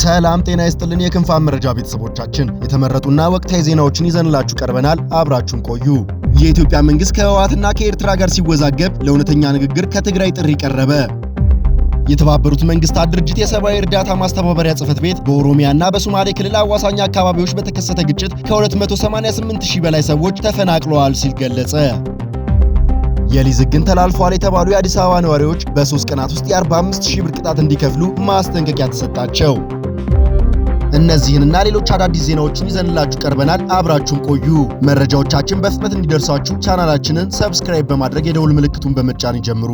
ሰላም ጤና ይስጥልን። የክንፋን መረጃ ቤተሰቦቻችን የተመረጡና ወቅታዊ ዜናዎችን ይዘንላችሁ ቀርበናል። አብራችሁን ቆዩ። የኢትዮጵያ መንግስት ከህወሓትና ከኤርትራ ጋር ሲወዛገብ ለእውነተኛ ንግግር ከትግራይ ጥሪ ቀረበ። የተባበሩት መንግስታት ድርጅት የሰብአዊ እርዳታ ማስተባበሪያ ጽህፈት ቤት በኦሮሚያና በሶማሌ ክልል አዋሳኝ አካባቢዎች በተከሰተ ግጭት ከ288 በላይ ሰዎች ተፈናቅለዋል ሲል ገለጸ። የሊዝ ተላልፏል የተባሉ የአዲስ አበባ ነዋሪዎች በሶስት ቀናት ውስጥ የ 45000 ብር ቅጣት እንዲከፍሉ ማስጠንቀቂያ ተሰጣቸው። እነዚህንና ሌሎች አዳዲስ ዜናዎችን ይዘንላችሁ ቀርበናል። አብራችሁን ቆዩ። መረጃዎቻችን በፍጥነት እንዲደርሳችሁ ቻናላችንን ሰብስክራይብ በማድረግ የደውል ምልክቱን በመጫን ይጀምሩ።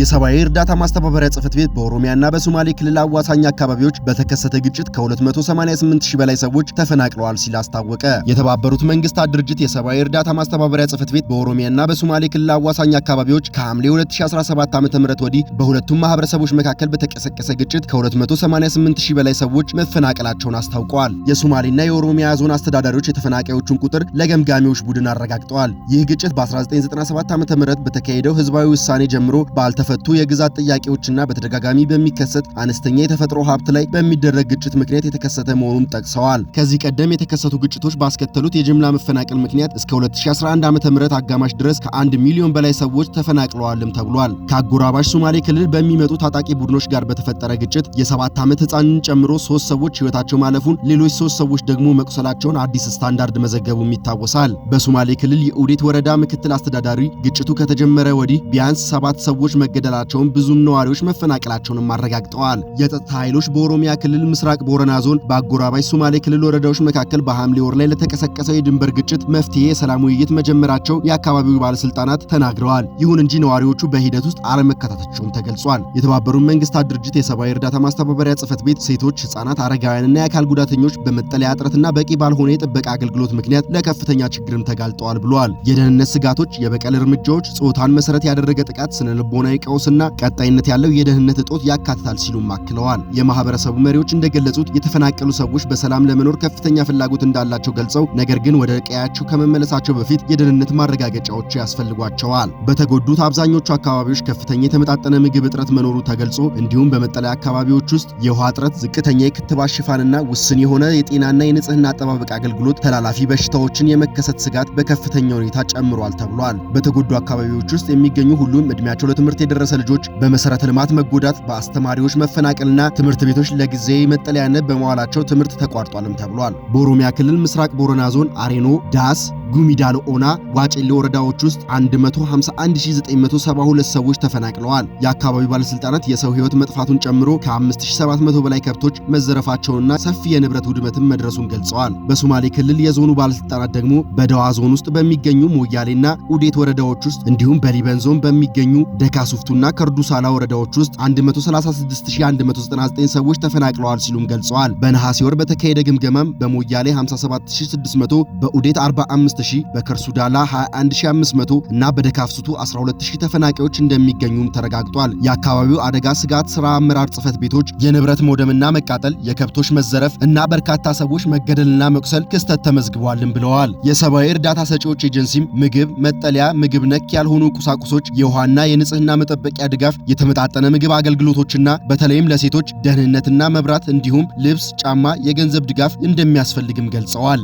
የሰብአዊ እርዳታ ማስተባበሪያ ጽፈት ቤት በኦሮሚያና በሶማሌ ክልል አዋሳኝ አካባቢዎች በተከሰተ ግጭት ከ288 ሺህ በላይ ሰዎች ተፈናቅለዋል ሲል አስታወቀ። የተባበሩት መንግስታት ድርጅት የሰብአዊ እርዳታ ማስተባበሪያ ጽፈት ቤት በኦሮሚያና በሶማሌ ክልል አዋሳኝ አካባቢዎች ከሐምሌ 2017 ዓ ም ወዲህ በሁለቱም ማህበረሰቦች መካከል በተቀሰቀሰ ግጭት ከ288 ሺህ በላይ ሰዎች መፈናቀላቸውን አስታውቀዋል። የሶማሌና የኦሮሚያ ዞን አስተዳዳሪዎች የተፈናቃዮቹን ቁጥር ለገምጋሚዎች ቡድን አረጋግጠዋል። ይህ ግጭት በ1997 ዓ ም በተካሄደው ህዝባዊ ውሳኔ ጀምሮ ባልተ ባልተፈቱ የግዛት ጥያቄዎችና በተደጋጋሚ በሚከሰት አነስተኛ የተፈጥሮ ሀብት ላይ በሚደረግ ግጭት ምክንያት የተከሰተ መሆኑን ጠቅሰዋል። ከዚህ ቀደም የተከሰቱ ግጭቶች ባስከተሉት የጅምላ መፈናቀል ምክንያት እስከ 2011 ዓ ም አጋማሽ ድረስ ከአንድ ሚሊዮን በላይ ሰዎች ተፈናቅለዋልም ተብሏል። ከአጎራባሽ ሶማሌ ክልል በሚመጡ ታጣቂ ቡድኖች ጋር በተፈጠረ ግጭት የሰባት ዓመት ህፃንን ጨምሮ ሶስት ሰዎች ህይወታቸው ማለፉን፣ ሌሎች ሶስት ሰዎች ደግሞ መቁሰላቸውን አዲስ ስታንዳርድ መዘገቡም ይታወሳል። በሶማሌ ክልል የኡዴት ወረዳ ምክትል አስተዳዳሪ ግጭቱ ከተጀመረ ወዲህ ቢያንስ ሰባት ሰዎች መገደላቸውን ብዙም ነዋሪዎች መፈናቀላቸውንም አረጋግጠዋል። የጸጥታ ኃይሎች በኦሮሚያ ክልል ምስራቅ ቦረና ዞን በአጎራባች ሶማሌ ክልል ወረዳዎች መካከል በሐምሌ ወር ላይ ለተቀሰቀሰው የድንበር ግጭት መፍትሄ የሰላም ውይይት መጀመራቸው የአካባቢው ባለስልጣናት ተናግረዋል። ይሁን እንጂ ነዋሪዎቹ በሂደት ውስጥ አለመካተታቸውም ተገልጿል። የተባበሩት መንግስታት ድርጅት የሰብአዊ እርዳታ ማስተባበሪያ ጽህፈት ቤት ሴቶች፣ ህጻናት፣ አረጋውያንና የአካል ጉዳተኞች በመጠለያ እጥረትና በቂ ባልሆነ የጥበቃ አገልግሎት ምክንያት ለከፍተኛ ችግርም ተጋልጠዋል ብሏል። የደህንነት ስጋቶች፣ የበቀል እርምጃዎች፣ ጾታን መሰረት ያደረገ ጥቃት፣ ስነ ልቦናዊ ቀውስና ቀጣይነት ያለው የደህንነት እጦት ያካትታል ሲሉም አክለዋል። የማህበረሰቡ መሪዎች እንደገለጹት የተፈናቀሉ ሰዎች በሰላም ለመኖር ከፍተኛ ፍላጎት እንዳላቸው ገልጸው ነገር ግን ወደ ቀያቸው ከመመለሳቸው በፊት የደህንነት ማረጋገጫዎች ያስፈልጓቸዋል። በተጎዱት አብዛኞቹ አካባቢዎች ከፍተኛ የተመጣጠነ ምግብ እጥረት መኖሩ ተገልጾ እንዲሁም በመጠለያ አካባቢዎች ውስጥ የውሃ እጥረት፣ ዝቅተኛ የክትባት ሽፋንና ውስን የሆነ የጤናና የንጽህና አጠባበቅ አገልግሎት ተላላፊ በሽታዎችን የመከሰት ስጋት በከፍተኛ ሁኔታ ጨምሯል ተብሏል። በተጎዱ አካባቢዎች ውስጥ የሚገኙ ሁሉም ዕድሜያቸው ለትምህርት የደረሰ ልጆች በመሰረተ ልማት መጎዳት፣ በአስተማሪዎች መፈናቀልና ትምህርት ቤቶች ለጊዜ መጠለያነት በመዋላቸው ትምህርት ተቋርጧልም ተብሏል። በኦሮሚያ ክልል ምስራቅ ቦረና ዞን አሬኖ፣ ዳስ፣ ጉሚዳል ኦና፣ ዋጨሌ ወረዳዎች ውስጥ 151972 ሰዎች ተፈናቅለዋል። የአካባቢው ባለስልጣናት የሰው ህይወት መጥፋቱን ጨምሮ ከ5700 በላይ ከብቶች መዘረፋቸውንና ሰፊ የንብረት ውድመትን መድረሱን ገልጸዋል። በሶማሌ ክልል የዞኑ ባለስልጣናት ደግሞ በደዋ ዞን ውስጥ በሚገኙ ሞያሌና ኡዴት ወረዳዎች ውስጥ እንዲሁም በሊበን ዞን በሚገኙ ደካሱ ቢሾፍቱና ከርዱሳላ ወረዳዎች ውስጥ 136199 ሰዎች ተፈናቅለዋል ሲሉም ገልጸዋል። በነሐሴ ወር በተካሄደ ግምገማም በሞያሌ 57600፣ በኡዴት 45000፣ በከርሱዳላ 21500 እና በደካፍሱቱ 12000 ተፈናቃዮች እንደሚገኙም ተረጋግጧል። የአካባቢው አደጋ ስጋት ስራ አመራር ጽፈት ቤቶች የንብረት መውደምና መቃጠል፣ የከብቶች መዘረፍ እና በርካታ ሰዎች መገደልና መቁሰል ክስተት ተመዝግቧልም ብለዋል። የሰብአዊ እርዳታ ሰጪዎች ኤጀንሲም ምግብ፣ መጠለያ፣ ምግብ ነክ ያልሆኑ ቁሳቁሶች፣ የውሃና የንጽህና መጠበቂያ ድጋፍ፣ የተመጣጠነ ምግብ አገልግሎቶችና በተለይም ለሴቶች ደህንነትና መብራት እንዲሁም ልብስ፣ ጫማ፣ የገንዘብ ድጋፍ እንደሚያስፈልግም ገልጸዋል።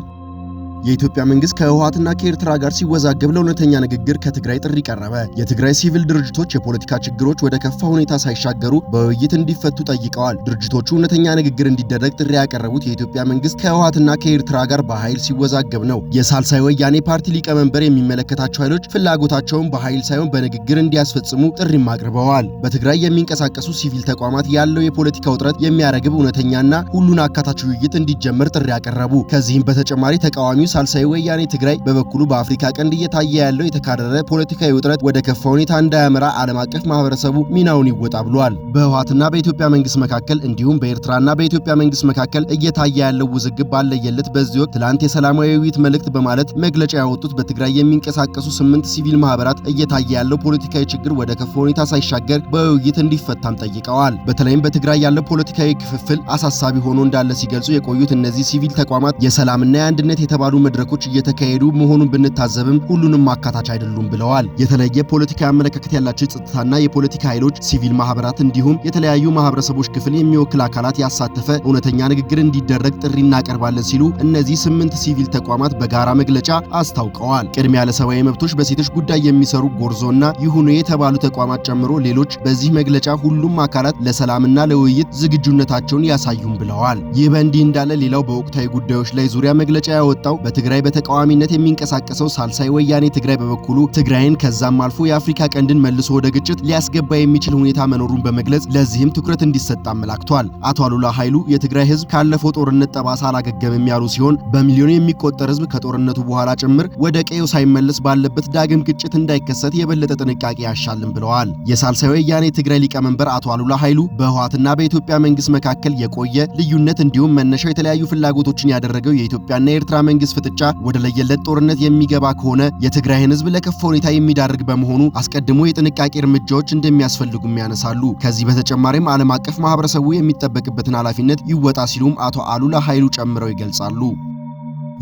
የኢትዮጵያ መንግስት ከህወሓትና ከኤርትራ ጋር ሲወዛገብ ለእውነተኛ ንግግር ከትግራይ ጥሪ ቀረበ። የትግራይ ሲቪል ድርጅቶች የፖለቲካ ችግሮች ወደ ከፋ ሁኔታ ሳይሻገሩ በውይይት እንዲፈቱ ጠይቀዋል። ድርጅቶቹ እውነተኛ ንግግር እንዲደረግ ጥሪ ያቀረቡት የኢትዮጵያ መንግስት ከህወሓትና ከኤርትራ ጋር በኃይል ሲወዛገብ ነው። የሳልሳይ ወያኔ ፓርቲ ሊቀመንበር የሚመለከታቸው ኃይሎች ፍላጎታቸውን በኃይል ሳይሆን በንግግር እንዲያስፈጽሙ ጥሪም አቅርበዋል። በትግራይ የሚንቀሳቀሱ ሲቪል ተቋማት ያለው የፖለቲካ ውጥረት የሚያረግብ እውነተኛና ሁሉን አካታች ውይይት እንዲጀመር ጥሪ ያቀረቡ። ከዚህም በተጨማሪ ተቃዋሚ ሳልሳዊ ወያኔ ትግራይ በበኩሉ በአፍሪካ ቀንድ እየታየ ያለው የተካረረ ፖለቲካዊ ውጥረት ወደ ከፋ ሁኔታ እንዳያመራ ዓለም አቀፍ ማህበረሰቡ ሚናውን ይወጣ ብሏል። በህወሓትና በኢትዮጵያ መንግስት መካከል እንዲሁም በኤርትራና በኢትዮጵያ መንግስት መካከል እየታየ ያለው ውዝግብ ባለየለት በዚህ ወቅት ትላንት የሰላማዊ ውይይት መልእክት በማለት መግለጫ ያወጡት በትግራይ የሚንቀሳቀሱ ስምንት ሲቪል ማህበራት እየታየ ያለው ፖለቲካዊ ችግር ወደ ከፋ ሁኔታ ሳይሻገር በውይይት እንዲፈታም ጠይቀዋል። በተለይም በትግራይ ያለው ፖለቲካዊ ክፍፍል አሳሳቢ ሆኖ እንዳለ ሲገልጹ የቆዩት እነዚህ ሲቪል ተቋማት የሰላምና የአንድነት የተባሉ መድረኮች እየተካሄዱ መሆኑን ብንታዘብም ሁሉንም አካታች አይደሉም ብለዋል። የተለየ ፖለቲካዊ አመለካከት ያላቸው የጸጥታና የፖለቲካ ኃይሎች፣ ሲቪል ማህበራት እንዲሁም የተለያዩ ማህበረሰቦች ክፍል የሚወክል አካላት ያሳተፈ እውነተኛ ንግግር እንዲደረግ ጥሪ እናቀርባለን ሲሉ እነዚህ ስምንት ሲቪል ተቋማት በጋራ መግለጫ አስታውቀዋል። ቅድሚያ ለሰብአዊ መብቶች በሴቶች ጉዳይ የሚሰሩ ጎርዞና ይሁኑ የተባሉ ተቋማት ጨምሮ ሌሎች በዚህ መግለጫ ሁሉም አካላት ለሰላምና ለውይይት ዝግጁነታቸውን ያሳዩም ብለዋል። ይህ በእንዲህ እንዳለ ሌላው በወቅታዊ ጉዳዮች ላይ ዙሪያ መግለጫ ያወጣው በትግራይ በተቃዋሚነት የሚንቀሳቀሰው ሳልሳይ ወያኔ ትግራይ በበኩሉ ትግራይን ከዛም አልፎ የአፍሪካ ቀንድን መልሶ ወደ ግጭት ሊያስገባ የሚችል ሁኔታ መኖሩን በመግለጽ ለዚህም ትኩረት እንዲሰጥ አመላክቷል። አቶ አሉላ ኃይሉ የትግራይ ህዝብ ካለፈው ጦርነት ጠባሳ አላገገምም ያሉ ሲሆን በሚሊዮን የሚቆጠር ህዝብ ከጦርነቱ በኋላ ጭምር ወደ ቀዬው ሳይመለስ ባለበት ዳግም ግጭት እንዳይከሰት የበለጠ ጥንቃቄ ያሻልም ብለዋል። የሳልሳይ ወያኔ ትግራይ ሊቀመንበር አቶ አሉላ ኃይሉ በህወሓትና በኢትዮጵያ መንግስት መካከል የቆየ ልዩነት እንዲሁም መነሻው የተለያዩ ፍላጎቶችን ያደረገው የኢትዮጵያና የኤርትራ መንግስት ፍጥጫ ወደ ለየለት ጦርነት የሚገባ ከሆነ የትግራይን ህዝብ ለከፋ ሁኔታ የሚዳርግ በመሆኑ አስቀድሞ የጥንቃቄ እርምጃዎች እንደሚያስፈልጉም ያነሳሉ። ከዚህ በተጨማሪም ዓለም አቀፍ ማህበረሰቡ የሚጠበቅበትን ኃላፊነት ይወጣ ሲሉም አቶ አሉላ ኃይሉ ጨምረው ይገልጻሉ።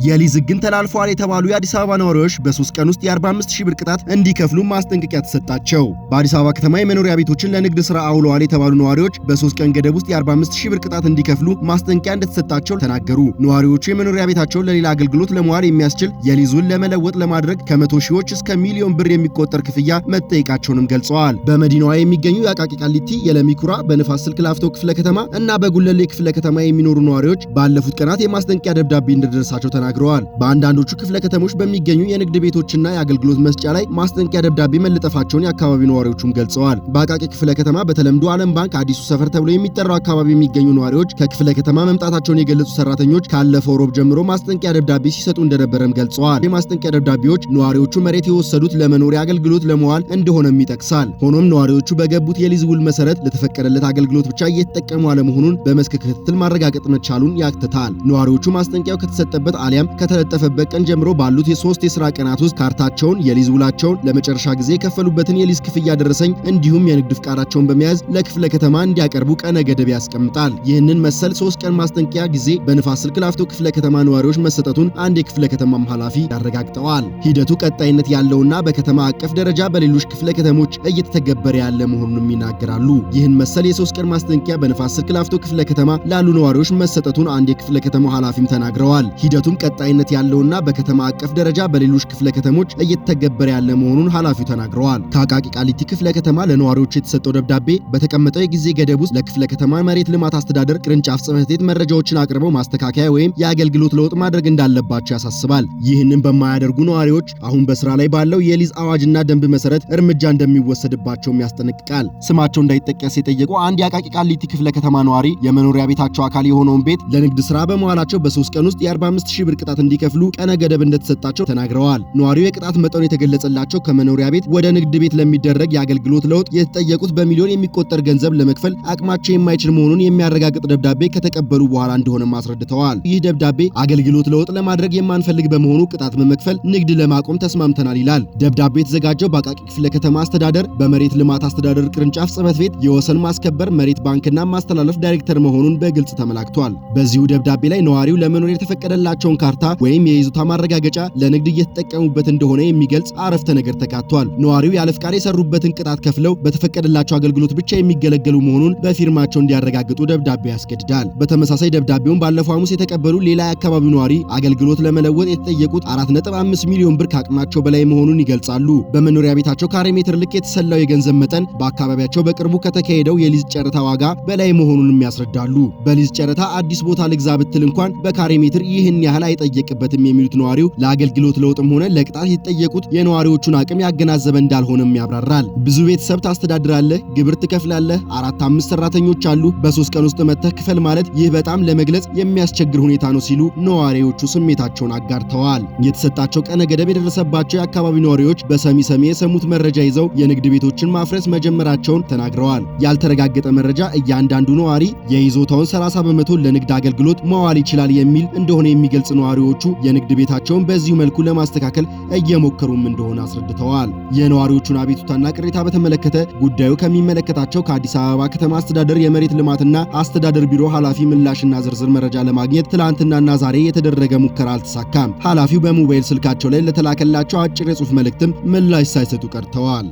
የሊዝ ሕግን ተላልፈዋል የተባሉ የአዲስ አበባ ነዋሪዎች በሶስት ቀን ውስጥ የ45 ሺህ ብር ቅጣት እንዲከፍሉ ማስጠንቀቂያ ተሰጣቸው። በአዲስ አበባ ከተማ የመኖሪያ ቤቶችን ለንግድ ስራ አውለዋል የተባሉ ነዋሪዎች በሶስት ቀን ገደብ ውስጥ የ45 ሺህ ብር ቅጣት እንዲከፍሉ ማስጠንቀቂያ እንደተሰጣቸው ተናገሩ። ነዋሪዎቹ የመኖሪያ ቤታቸውን ለሌላ አገልግሎት ለመዋል የሚያስችል የሊዙን ለመለወጥ ለማድረግ ከመቶ ሺዎች እስከ ሚሊዮን ብር የሚቆጠር ክፍያ መጠየቃቸውንም ገልጸዋል። በመዲናዋ የሚገኙ የአቃቂ ቃሊቲ፣ የለሚኩራ፣ በንፋስ ስልክ ላፍቶ ክፍለ ከተማ እና በጉለሌ ክፍለ ከተማ የሚኖሩ ነዋሪዎች ባለፉት ቀናት የማስጠንቀቂያ ደብዳቤ እንደደረሳቸው ተናግረዋል። ተናግረዋል። በአንዳንዶቹ ክፍለ ከተሞች በሚገኙ የንግድ ቤቶችና የአገልግሎት መስጫ ላይ ማስጠንቀቂያ ደብዳቤ መለጠፋቸውን የአካባቢው ነዋሪዎቹም ገልጸዋል። በአቃቂ ክፍለ ከተማ በተለምዶ ዓለም ባንክ አዲሱ ሰፈር ተብሎ የሚጠራው አካባቢ የሚገኙ ነዋሪዎች ከክፍለ ከተማ መምጣታቸውን የገለጹ ሰራተኞች ካለፈው ሮብ ጀምሮ ማስጠንቀቂያ ደብዳቤ ሲሰጡ እንደነበረም ገልጸዋል። የማስጠንቀቂያ ደብዳቤዎች ነዋሪዎቹ መሬት የወሰዱት ለመኖሪያ አገልግሎት ለመዋል እንደሆነም ይጠቅሳል። ሆኖም ነዋሪዎቹ በገቡት የሊዝ ውል መሰረት ለተፈቀደለት አገልግሎት ብቻ እየተጠቀሙ አለመሆኑን በመስክ ክትትል ማረጋገጥ መቻሉን ያክትታል። ነዋሪዎቹ ማስጠንቂያው ከተሰጠበት ማሊያም ከተለጠፈበት ቀን ጀምሮ ባሉት የሶስት የስራ ቀናት ውስጥ ካርታቸውን፣ የሊዝ ውላቸውን፣ ለመጨረሻ ጊዜ የከፈሉበትን የሊዝ ክፍያ ደረሰኝ እንዲሁም የንግድ ፍቃዳቸውን በመያዝ ለክፍለ ከተማ እንዲያቀርቡ ቀነ ገደብ ያስቀምጣል። ይህንን መሰል ሶስት ቀን ማስጠንቀቂያ ጊዜ በንፋስ ስልክ ላፍቶ ክፍለ ከተማ ነዋሪዎች መሰጠቱን አንድ የክፍለ ከተማም ኃላፊ ያረጋግጠዋል። ሂደቱ ቀጣይነት ያለውና በከተማ አቀፍ ደረጃ በሌሎች ክፍለ ከተሞች እየተተገበረ ያለ መሆኑንም ይናገራሉ። ይህን መሰል የሶስት ቀን ማስጠንቀቂያ በንፋስ ስልክ ላፍቶ ክፍለ ከተማ ላሉ ነዋሪዎች መሰጠቱን አንድ የክፍለ ከተማው ኃላፊም ተናግረዋል። ሂደቱም ቀጣይነት ያለውና በከተማ አቀፍ ደረጃ በሌሎች ክፍለ ከተሞች እየተገበረ ያለ መሆኑን ኃላፊው ተናግረዋል። ከአቃቂ ቃሊቲ ክፍለ ከተማ ለነዋሪዎች የተሰጠው ደብዳቤ በተቀመጠው የጊዜ ገደብ ውስጥ ለክፍለ ከተማ መሬት ልማት አስተዳደር ቅርንጫፍ ጽሕፈት ቤት መረጃዎችን አቅርበው ማስተካከያ ወይም የአገልግሎት ለውጥ ማድረግ እንዳለባቸው ያሳስባል። ይህንን በማያደርጉ ነዋሪዎች አሁን በስራ ላይ ባለው የሊዝ አዋጅና ደንብ መሰረት እርምጃ እንደሚወሰድባቸውም ያስጠነቅቃል። ስማቸው እንዳይጠቀስ የጠየቁ አንድ የአቃቂ ቃሊቲ ክፍለ ከተማ ነዋሪ የመኖሪያ ቤታቸው አካል የሆነውን ቤት ለንግድ ስራ በመዋላቸው በሶስት ቀን ውስጥ የ45 ሺህ ብር ብር ቅጣት እንዲከፍሉ ቀነ ገደብ እንደተሰጣቸው ተናግረዋል። ነዋሪው የቅጣት መጠኑ የተገለጸላቸው ከመኖሪያ ቤት ወደ ንግድ ቤት ለሚደረግ የአገልግሎት ለውጥ የተጠየቁት በሚሊዮን የሚቆጠር ገንዘብ ለመክፈል አቅማቸው የማይችል መሆኑን የሚያረጋግጥ ደብዳቤ ከተቀበሉ በኋላ እንደሆነም አስረድተዋል። ይህ ደብዳቤ አገልግሎት ለውጥ ለማድረግ የማንፈልግ በመሆኑ ቅጣት በመክፈል ንግድ ለማቆም ተስማምተናል ይላል። ደብዳቤ የተዘጋጀው በአቃቂ ክፍለ ከተማ አስተዳደር በመሬት ልማት አስተዳደር ቅርንጫፍ ጽህፈት ቤት የወሰን ማስከበር መሬት ባንክና ማስተላለፍ ዳይሬክተር መሆኑን በግልጽ ተመላክቷል። በዚሁ ደብዳቤ ላይ ነዋሪው ለመኖር የተፈቀደላቸውን ካርታ ወይም የይዞታ ማረጋገጫ ለንግድ እየተጠቀሙበት እንደሆነ የሚገልጽ አረፍተ ነገር ተካቷል። ነዋሪው ያለ ፍቃድ የሰሩበትን ቅጣት ከፍለው በተፈቀደላቸው አገልግሎት ብቻ የሚገለገሉ መሆኑን በፊርማቸው እንዲያረጋግጡ ደብዳቤ ያስገድዳል። በተመሳሳይ ደብዳቤውን ባለፈው ሐሙስ የተቀበሉ ሌላ የአካባቢው ነዋሪ አገልግሎት ለመለወጥ የተጠየቁት 4.5 ሚሊዮን ብር ከአቅማቸው በላይ መሆኑን ይገልጻሉ። በመኖሪያ ቤታቸው ካሬ ሜትር ልክ የተሰላው የገንዘብ መጠን በአካባቢያቸው በቅርቡ ከተካሄደው የሊዝ ጨረታ ዋጋ በላይ መሆኑንም ያስረዳሉ። በሊዝ ጨረታ አዲስ ቦታ ልግዛ ብትል እንኳን በካሬ ሜትር ይህን ያህል አይጠየቅበትም የሚሉት ነዋሪው ለአገልግሎት ለውጥም ሆነ ለቅጣት የተጠየቁት የነዋሪዎቹን አቅም ያገናዘበ እንዳልሆነም ያብራራል። ብዙ ቤተሰብ ታስተዳድራለህ፣ ግብር ትከፍላለህ፣ አራት አምስት ሰራተኞች አሉ፣ በሶስት ቀን ውስጥ መጥተህ ክፈል ማለት ይህ በጣም ለመግለጽ የሚያስቸግር ሁኔታ ነው ሲሉ ነዋሪዎቹ ስሜታቸውን አጋርተዋል። የተሰጣቸው ቀነ ገደብ የደረሰባቸው የአካባቢ ነዋሪዎች በሰሚ ሰሚ የሰሙት መረጃ ይዘው የንግድ ቤቶችን ማፍረስ መጀመራቸውን ተናግረዋል። ያልተረጋገጠ መረጃ እያንዳንዱ ነዋሪ የይዞታውን 30 በመቶ ለንግድ አገልግሎት መዋል ይችላል የሚል እንደሆነ የሚገልጽ ነዋሪዎቹ የንግድ ቤታቸውን በዚሁ መልኩ ለማስተካከል እየሞከሩም እንደሆነ አስረድተዋል። የነዋሪዎቹን አቤቱታና ቅሬታ በተመለከተ ጉዳዩ ከሚመለከታቸው ከአዲስ አበባ ከተማ አስተዳደር የመሬት ልማትና አስተዳደር ቢሮ ኃላፊ ምላሽና ዝርዝር መረጃ ለማግኘት ትላንትናና ዛሬ የተደረገ ሙከራ አልተሳካም። ኃላፊው በሞባይል ስልካቸው ላይ ለተላከላቸው አጭር የጽሑፍ መልእክትም ምላሽ ሳይሰጡ ቀርተዋል።